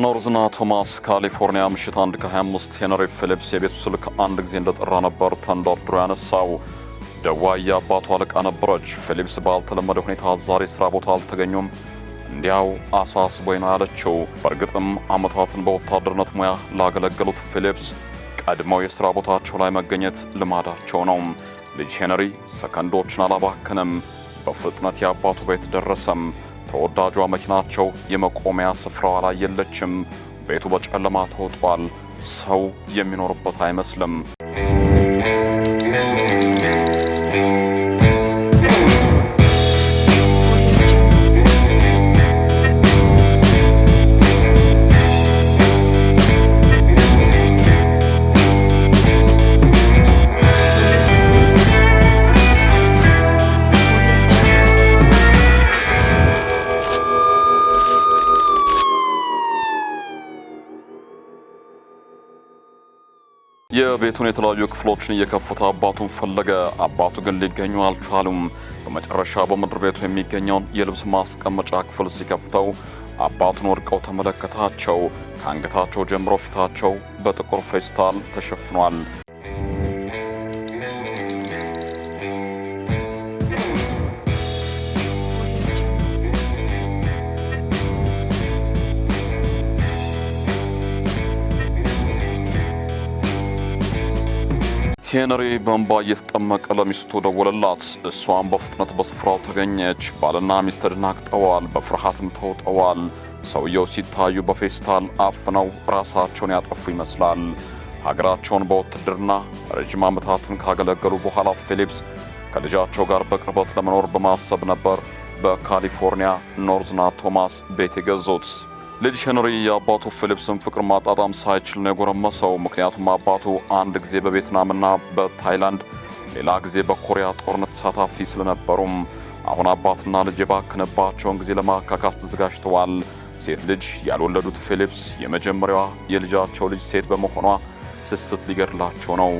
ኖርዝና ቶማስ ካሊፎርኒያ ምሽት አንድ ከ25 ሄነሪ ፊሊፕስ የቤቱ ስልክ አንድ ጊዜ እንደጠራ ነበር ተንደርድሮ ያነሳው። ደዋ የአባቱ አለቃ ነበረች። ፊሊፕስ ባልተለመደ ሁኔታ ዛሬ ስራ ቦታ አልተገኙም፣ እንዲያው አሳስቦኝ ነው ያለችው። በእርግጥም ዓመታትን በወታደርነት ሙያ ላገለገሉት ፊሊፕስ ቀድመው የሥራ ቦታቸው ላይ መገኘት ልማዳቸው ነው። ልጅ ሄነሪ ሰከንዶችን አላባክንም። በፍጥነት የአባቱ ቤት ደረሰም። ተወዳጇ መኪናቸው የመቆሚያ ስፍራዋ ላይ የለችም። ቤቱ በጨለማ ተውጧል። ሰው የሚኖርበት አይመስልም። የቤቱን የተለያዩ ክፍሎችን እየከፈተ አባቱን ፈለገ። አባቱ ግን ሊገኙ አልቻሉም። በመጨረሻ በምድር ቤቱ የሚገኘውን የልብስ ማስቀመጫ ክፍል ሲከፍተው አባቱን ወድቀው ተመለከታቸው። ከአንገታቸው ጀምሮ ፊታቸው በጥቁር ፌስታል ተሸፍኗል። ሄንሪ በእንባ እየተጠመቀ ለሚስቱ ደወለላት። እሷም በፍጥነት በስፍራው ተገኘች። ባልና ሚስት ተደናግጠዋል፣ በፍርሃትም ተውጠዋል። ሰውየው ሲታዩ በፌስታል አፍነው ራሳቸውን ያጠፉ ይመስላል። ሀገራቸውን በውትድርና ረጅም ዓመታትን ካገለገሉ በኋላ ፊሊፕስ ከልጃቸው ጋር በቅርበት ለመኖር በማሰብ ነበር በካሊፎርኒያ ኖርዝና ቶማስ ቤት የገዙት። ልጅ ሄንሪ የአባቱ ፊሊፕስን ፍቅር ማጣጣም ሳይችል ነው የጎረመሰው። ምክንያቱም አባቱ አንድ ጊዜ በቬትናምና በታይላንድ ሌላ ጊዜ በኮሪያ ጦርነት ተሳታፊ ስለነበሩም አሁን አባትና ልጅ የባከነባቸውን ጊዜ ለማካካስ ተዘጋጅተዋል። ሴት ልጅ ያልወለዱት ፊሊፕስ የመጀመሪያዋ የልጃቸው ልጅ ሴት በመሆኗ ስስት ሊገድላቸው ነው።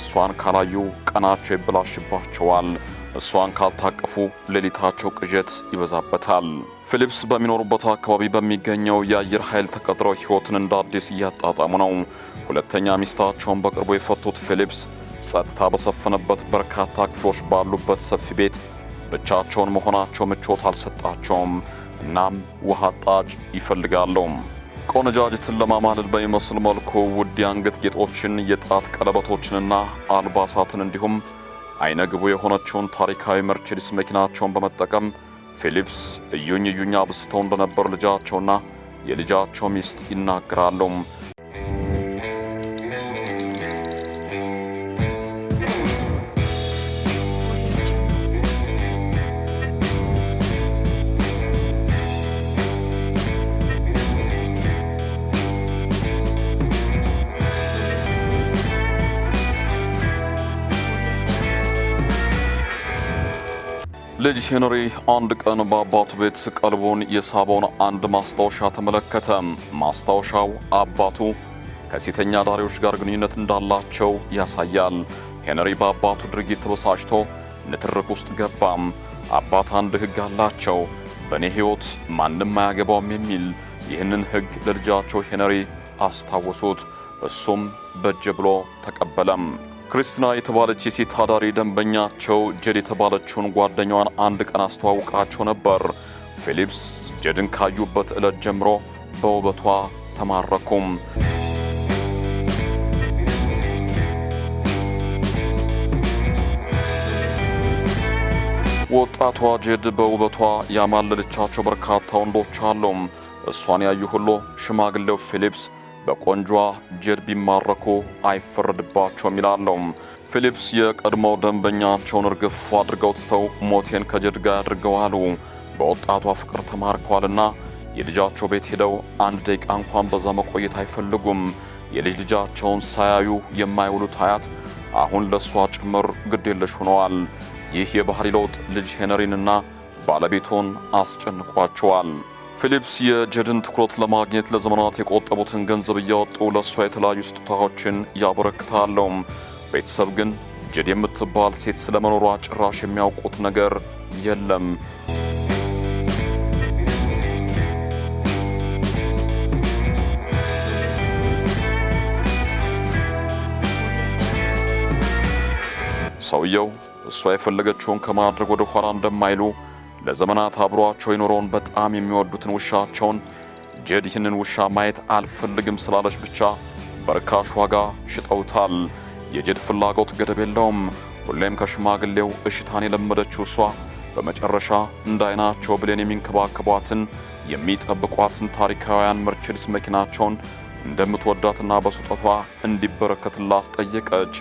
እሷን ካላዩ ቀናቸው ይበላሽባቸዋል። እሷን ካልታቀፉ ሌሊታቸው ቅዠት ይበዛበታል። ፊሊፕስ በሚኖሩበት አካባቢ በሚገኘው የአየር ኃይል ተቀጥረው ሕይወትን እንደ አዲስ እያጣጣሙ ነው። ሁለተኛ ሚስታቸውን በቅርቡ የፈቱት ፊሊፕስ ጸጥታ በሰፈነበት በርካታ ክፍሎች ባሉበት ሰፊ ቤት ብቻቸውን መሆናቸው ምቾት አልሰጣቸውም። እናም ውሃ ጣጭ ይፈልጋሉ። ቆነጃጅትን ለማማለል በሚመስል መልኩ ውድ የአንገት ጌጦችን፣ የጣት ቀለበቶችንና አልባሳትን እንዲሁም አይነ ግቡ የሆነችውን ታሪካዊ መርቼዲስ መኪናቸውን በመጠቀም ፊሊፕስ እዩኝ እዩኝ አብዝተው እንደነበር ልጃቸውና የልጃቸው ሚስት ይናገራሉ። ልጅ ሄንሪ አንድ ቀን በአባቱ ቤት ቀልቡን የሳበውን አንድ ማስታወሻ ተመለከተ። ማስታወሻው አባቱ ከሴተኛ አዳሪዎች ጋር ግንኙነት እንዳላቸው ያሳያል። ሄንሪ በአባቱ ድርጊት ተበሳጭቶ ንትርክ ውስጥ ገባም። አባት አንድ ሕግ አላቸው፣ በእኔ ሕይወት ማንም አያገባውም የሚል። ይህንን ሕግ ለልጃቸው ሄንሪ አስታወሱት፣ እሱም በጀ ብሎ ተቀበለም። ክርስቲና የተባለች የሴት አዳሪ ደንበኛቸው ጀድ የተባለችውን ጓደኛዋን አንድ ቀን አስተዋውቃቸው ነበር። ፊሊፕስ ጀድን ካዩበት ዕለት ጀምሮ በውበቷ ተማረኩም። ወጣቷ ጀድ በውበቷ ያማለለቻቸው በርካታ ወንዶች አሉ። እሷን ያዩ ሁሉ ሽማግሌው ፊሊፕስ በቆንጇ ጀት ቢማረኩ አይፈረድባቸውም ይላለው። ፊሊፕስ የቀድሞው ደንበኛቸውን እርግፍ አድርገው ትተው ሞቴን ከጀድ ጋር ያድርገው አሉ። በወጣቷ ፍቅር ተማርከዋልና የልጃቸው ቤት ሄደው አንድ ደቂቃ እንኳን በዛ መቆየት አይፈልጉም። የልጅ ልጃቸውን ሳያዩ የማይውሉት አያት አሁን ለእሷ ጭምር ግዴለሽ ሆነዋል። ይህ የባህሪ ለውጥ ልጅ ሄነሪንና ባለቤቱን አስጨንቋቸዋል። ፊሊፕስ የጀድን ትኩረት ለማግኘት ለዘመናት የቆጠቡትን ገንዘብ እያወጡ ለእሷ የተለያዩ ስጦታዎችን ያበረክታሉ። ቤተሰብ ግን ጀድ የምትባል ሴት ስለመኖሯ ጭራሽ የሚያውቁት ነገር የለም። ሰውየው እሷ የፈለገችውን ከማድረግ ወደ ኋላ እንደማይሉ ለዘመናት አብሯቸው የኖረውን በጣም የሚወዱትን ውሻቸውን ጀድ ይህንን ውሻ ማየት አልፈልግም ስላለች ብቻ በርካሽ ዋጋ ሽጠውታል። የጀድ ፍላጎት ገደብ የለውም። ሁሌም ከሽማግሌው እሽታን የለመደችው እሷ በመጨረሻ እንዳይናቸው ብሌን የሚንከባከቧትን የሚጠብቋትን ታሪካውያን መርቼዲስ መኪናቸውን እንደምትወዳትና በስጦቷ እንዲበረከትላት ጠየቀች።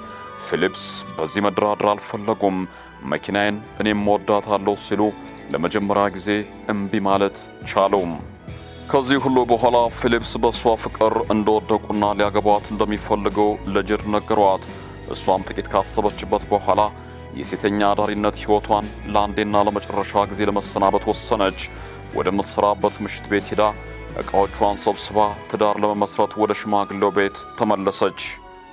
ፊሊፕስ በዚህ መደራደር አልፈለጉም። መኪናዬን እኔም ወዳታለሁ ሲሉ ለመጀመሪያ ጊዜ እምቢ ማለት ቻሉም። ከዚህ ሁሉ በኋላ ፊሊፕስ በእሷ ፍቅር እንደወደቁና ሊያገቧት እንደሚፈልገው ለጅር ነገሯት። እሷም ጥቂት ካሰበችበት በኋላ የሴተኛ አዳሪነት ሕይወቷን ለአንዴና ለመጨረሻ ጊዜ ለመሰናበት ወሰነች። ወደምትሠራበት ምሽት ቤት ሄዳ ዕቃዎቿን ሰብስባ ትዳር ለመመስረት ወደ ሽማግሌው ቤት ተመለሰች።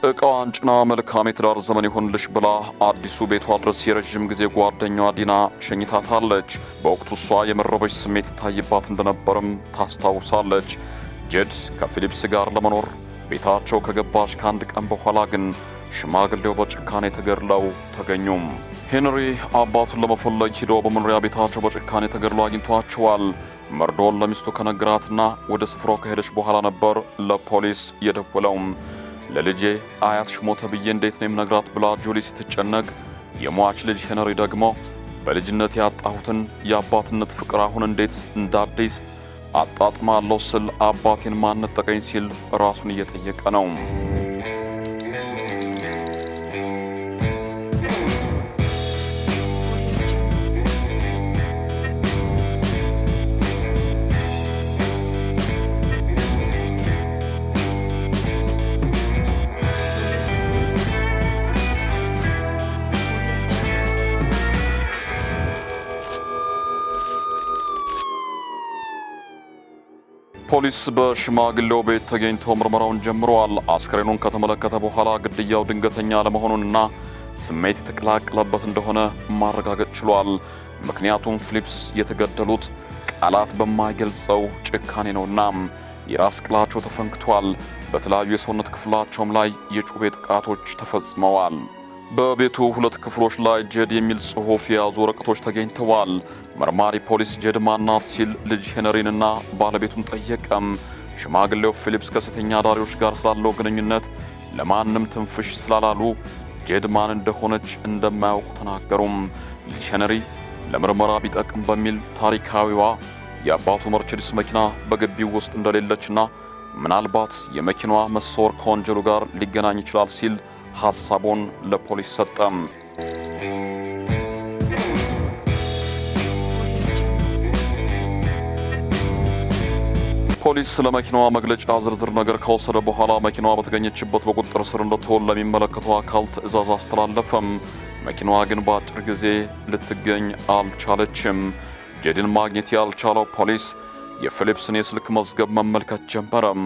እቃዋን ጭና መልካም የትዳር ዘመን ይሁንልሽ ብላ አዲሱ ቤቷ ድረስ የረዥም ጊዜ ጓደኛዋ ዲና ሸኝታታለች። በወቅቱ እሷ የመረበሽ ስሜት ይታይባት እንደነበርም ታስታውሳለች። ጀድ ከፊሊፕስ ጋር ለመኖር ቤታቸው ከገባች ከአንድ ቀን በኋላ ግን ሽማግሌው በጭካኔ ተገድለው ተገኙም። ሄንሪ አባቱን ለመፈለግ ሂዶ በመኖሪያ ቤታቸው በጭካኔ ተገድለው አግኝቷቸዋል። መርዶን ለሚስቱ ከነግራትና ወደ ስፍራው ከሄደች በኋላ ነበር ለፖሊስ የደወለውም። ለልጄ አያትሽ ሞተ ብዬ እንዴት ነው የምነግራት ብላ ጆሊ ስትጨነቅ፣ የሟች ልጅ ሄነሪ ደግሞ በልጅነት ያጣሁትን የአባትነት ፍቅር አሁን እንዴት እንደ አዲስ አጣጥማለሁ ስል አባቴን ማነጠቀኝ ሲል ራሱን እየጠየቀ ነው። ፖሊስ በሽማግሌው ቤት ተገኝቶ ምርመራውን ጀምሯል። አስክሬኑን ከተመለከተ በኋላ ግድያው ድንገተኛ ለመሆኑንና ስሜት የተቀላቀለበት እንደሆነ ማረጋገጥ ችሏል። ምክንያቱም ፊሊፕስ የተገደሉት ቃላት በማይገልጸው ጭካኔ ነውና የራስ ቅላቸው ተፈንክቷል። በተለያዩ የሰውነት ክፍላቸውም ላይ የጩቤ ጥቃቶች ተፈጽመዋል። በቤቱ ሁለት ክፍሎች ላይ ጀድ የሚል ጽሑፍ የያዙ ወረቀቶች ተገኝተዋል። መርማሪ ፖሊስ ጀድ ማናት ሲል ልጅ ሄነሪንና ባለቤቱን ጠየቀም። ሽማግሌው ፊሊፕስ ከሴተኛ አዳሪዎች ጋር ስላለው ግንኙነት ለማንም ትንፍሽ ስላላሉ ጄድ ማን እንደሆነች እንደማያውቁ ተናገሩም። ልጅ ሄነሪ ለምርመራ ቢጠቅም በሚል ታሪካዊዋ የአባቱ መርቼዲስ መኪና በግቢው ውስጥ እንደሌለችና ምናልባት የመኪናዋ መሰወር ከወንጀሉ ጋር ሊገናኝ ይችላል ሲል ሐሳቡን ለፖሊስ ሰጠም። ፖሊስ ለመኪናዋ መግለጫ ዝርዝር ነገር ከወሰደ በኋላ መኪናዋ በተገኘችበት በቁጥጥር ስር እንድትውል ለሚመለከተው አካል ትዕዛዝ አስተላለፈም። መኪናዋ ግን በአጭር ጊዜ ልትገኝ አልቻለችም። ጄዲን ማግኘት ያልቻለው ፖሊስ የፊሊፕስን የስልክ መዝገብ መመልከት ጀመረም።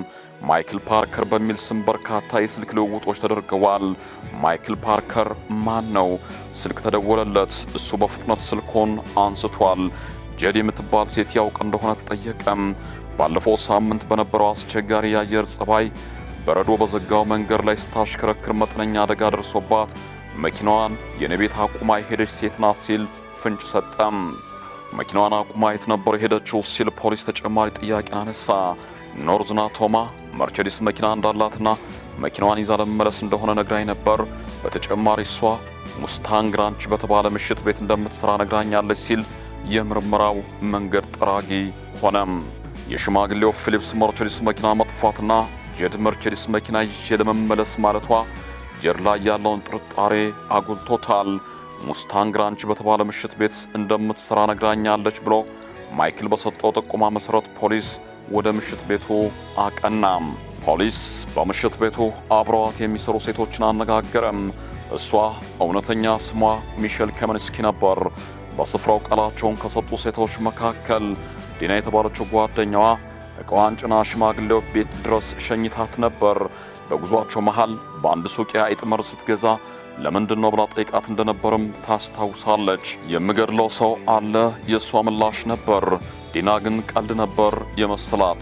ማይክል ፓርከር በሚል ስም በርካታ የስልክ ልውውጦች ተደርገዋል። ማይክል ፓርከር ማን ነው? ስልክ ተደወለለት። እሱ በፍጥነት ስልኩን አንስቷል። ጄድ የምትባል ሴት ያውቅ እንደሆነ ተጠየቀም። ባለፈው ሳምንት በነበረው አስቸጋሪ የአየር ጸባይ በረዶ በዘጋው መንገድ ላይ ስታሽከረክር መጠነኛ አደጋ ደርሶባት መኪናዋን የኔ ቤት አቁማ የሄደች ሴት ናት ሲል ፍንጭ ሰጠም። መኪናዋን አቁማ የት ነበር የሄደችው ሲል ፖሊስ ተጨማሪ ጥያቄን አነሳ። ኖርዝና ቶማ መርቸዲስ መኪና እንዳላትና መኪናዋን ይዛ ለመመለስ እንደሆነ ነግራኝ ነበር። በተጨማሪ እሷ ሙስታንግ ራንች በተባለ ምሽት ቤት እንደምትሰራ ነግራኛለች ሲል የምርመራው መንገድ ጠራጊ ሆነም። የሽማግሌው ፊሊፕስ መርቸዲስ መኪና መጥፋትና ጀድ መርቸዲስ መኪና ይዤ ለመመለስ ማለቷ ጀድ ላይ ያለውን ጥርጣሬ አጉልቶታል። ሙስታንግ ራንች በተባለ ምሽት ቤት እንደምትሰራ ነግራኛለች ብሎ ማይክል በሰጠው ጥቆማ መሰረት ፖሊስ ወደ ምሽት ቤቱ አቀናም። ፖሊስ በምሽት ቤቱ አብረዋት የሚሰሩ ሴቶችን አነጋገረም። እሷ እውነተኛ ስሟ ሚሼል ከመንስኪ ነበር። በስፍራው ቃላቸውን ከሰጡ ሴቶች መካከል ዲና የተባለችው ጓደኛዋ እቃዋን ጭና ሽማግሌው ቤት ድረስ ሸኝታት ነበር። በጉዟቸው መሃል በአንድ ሱቅ የአይጥ ስትገዛ ለምንድን ነው ብላ ጠይቃት እንደነበርም ታስታውሳለች። የምገድለው ሰው አለ የእሷ ምላሽ ነበር። ዲና ግን ቀልድ ነበር የመሰላት።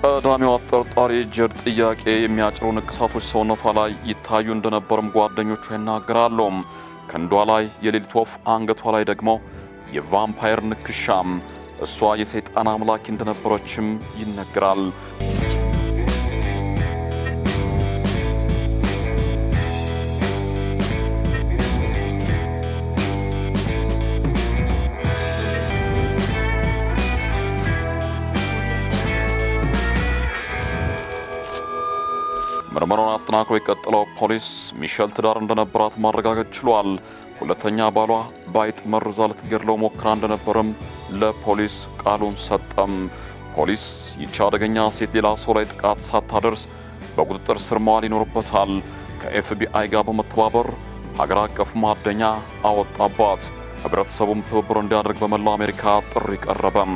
ቀዳሚዋ ጠርጣሪ ጀድ ጥያቄ የሚያጭሩ ንቅሳቶች ሰውነቷ ላይ ይታዩ እንደነበርም ጓደኞቿ ይናገራሉ። ክንዷ ላይ የሌሊት ወፍ፣ አንገቷ ላይ ደግሞ የቫምፓየር ንክሻም። እሷ የሰይጣን አምላኪ እንደነበረችም ይነገራል። ተጠናክሮ የቀጠለው ፖሊስ ሚሸል ትዳር እንደነበራት ማረጋገጥ ችሏል። ሁለተኛ ባሏ ባይጥ መርዛ ልትገድለው ሞክራ እንደነበርም ለፖሊስ ቃሉን ሰጠም። ፖሊስ ይቺ አደገኛ ሴት ሌላ ሰው ላይ ጥቃት ሳታደርስ በቁጥጥር ስር መዋል ይኖርበታል። ከኤፍቢአይ ጋር በመተባበር ሀገር አቀፍ ማደኛ አወጣባት። ህብረተሰቡም ትብብር እንዲያደርግ በመላው አሜሪካ ጥሪ ቀረበም።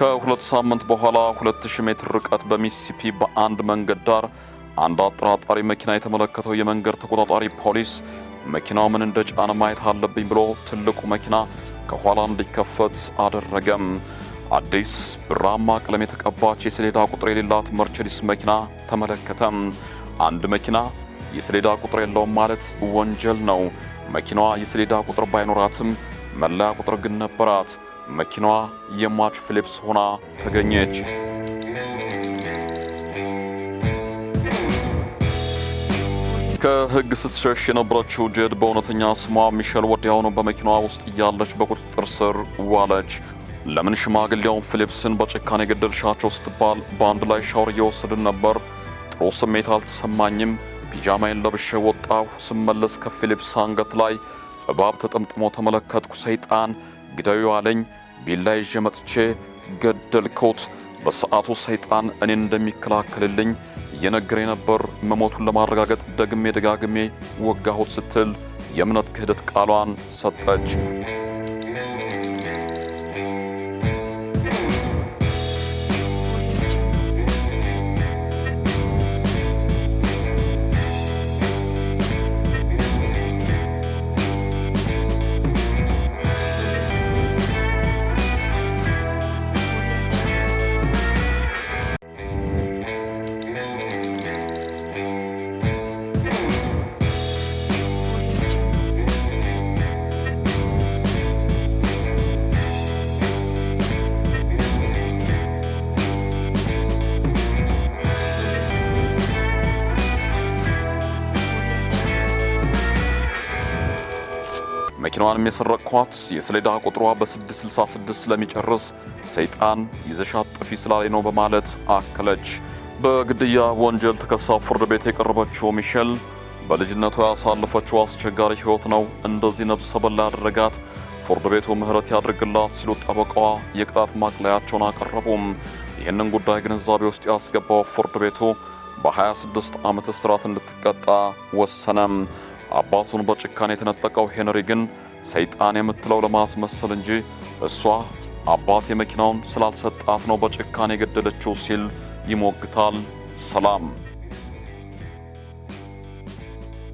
ከሁለት ሳምንት በኋላ 2000 ሜትር ርቀት በሚሲሲፒ በአንድ መንገድ ዳር አንድ አጠራጣሪ መኪና የተመለከተው የመንገድ ተቆጣጣሪ ፖሊስ መኪናው ምን እንደጫነ ማየት አለብኝ ብሎ ትልቁ መኪና ከኋላ እንዲከፈት አደረገም። አዲስ ብራማ ቀለም የተቀባች የሰሌዳ ቁጥር የሌላት መርቸዲስ መኪና ተመለከተም። አንድ መኪና የሰሌዳ ቁጥር የለውም ማለት ወንጀል ነው። መኪናዋ የሰሌዳ ቁጥር ባይኖራትም መለያ ቁጥር ግን ነበራት። መኪናዋ የማች ፊሊፕስ ሆና ተገኘች። ከህግ ስትሸሽ የነበረችው ጄድ በእውነተኛ ስሟ ሚሸል ወዲያውኑ በመኪናዋ ውስጥ እያለች በቁጥጥር ስር ዋለች። ለምን ሽማግሌውን ፊሊፕስን በጭካኔ የገደልሻቸው ስትባል በአንድ ላይ ሻወር እየወሰድን ነበር። ጥሩ ስሜት አልተሰማኝም። ፒጃማዬን ለብሼ ወጣሁ። ስመለስ ከፊሊፕስ አንገት ላይ እባብ ተጠምጥሞ ተመለከትኩ። ሰይጣን ግደዩ አለኝ። ቢላ ይዤ መጥቼ ገደልኩት። በሰዓቱ ሰይጣን እኔን እንደሚከላከልልኝ እየነገረኝ ነበር። መሞቱን ለማረጋገጥ ደግሜ ደጋግሜ ወጋሁት ስትል የእምነት ክህደት ቃሏን ሰጠች። መኪናዋንም የሰረቅኳት የሰሌዳ ቁጥሯ በ666 ስለሚጨርስ ሰይጣን ይዘሻት ጥፊ ስላሌ ነው በማለት አከለች። በግድያ ወንጀል ተከሳ ፍርድ ቤት የቀረበችው ሚሸል በልጅነቷ ያሳለፈችው አስቸጋሪ ሕይወት ነው እንደዚህ ነፍሰ በላ ያደረጋት። ፍርድ ቤቱ ምህረት ያድርግላት ሲሉ ጠበቃዋ የቅጣት ማቅለያቸውን አቀረቡም። ይህንን ጉዳይ ግንዛቤ ውስጥ ያስገባው ፍርድ ቤቱ በ26 ዓመት እስራት እንድትቀጣ ወሰነም። አባቱን በጭካኔ የተነጠቀው ሄንሪ ግን ሰይጣን የምትለው ለማስመሰል እንጂ እሷ አባት የመኪናውን ስላልሰጣት ነው በጭካኔ የገደለችው ሲል ይሞግታል። ሰላም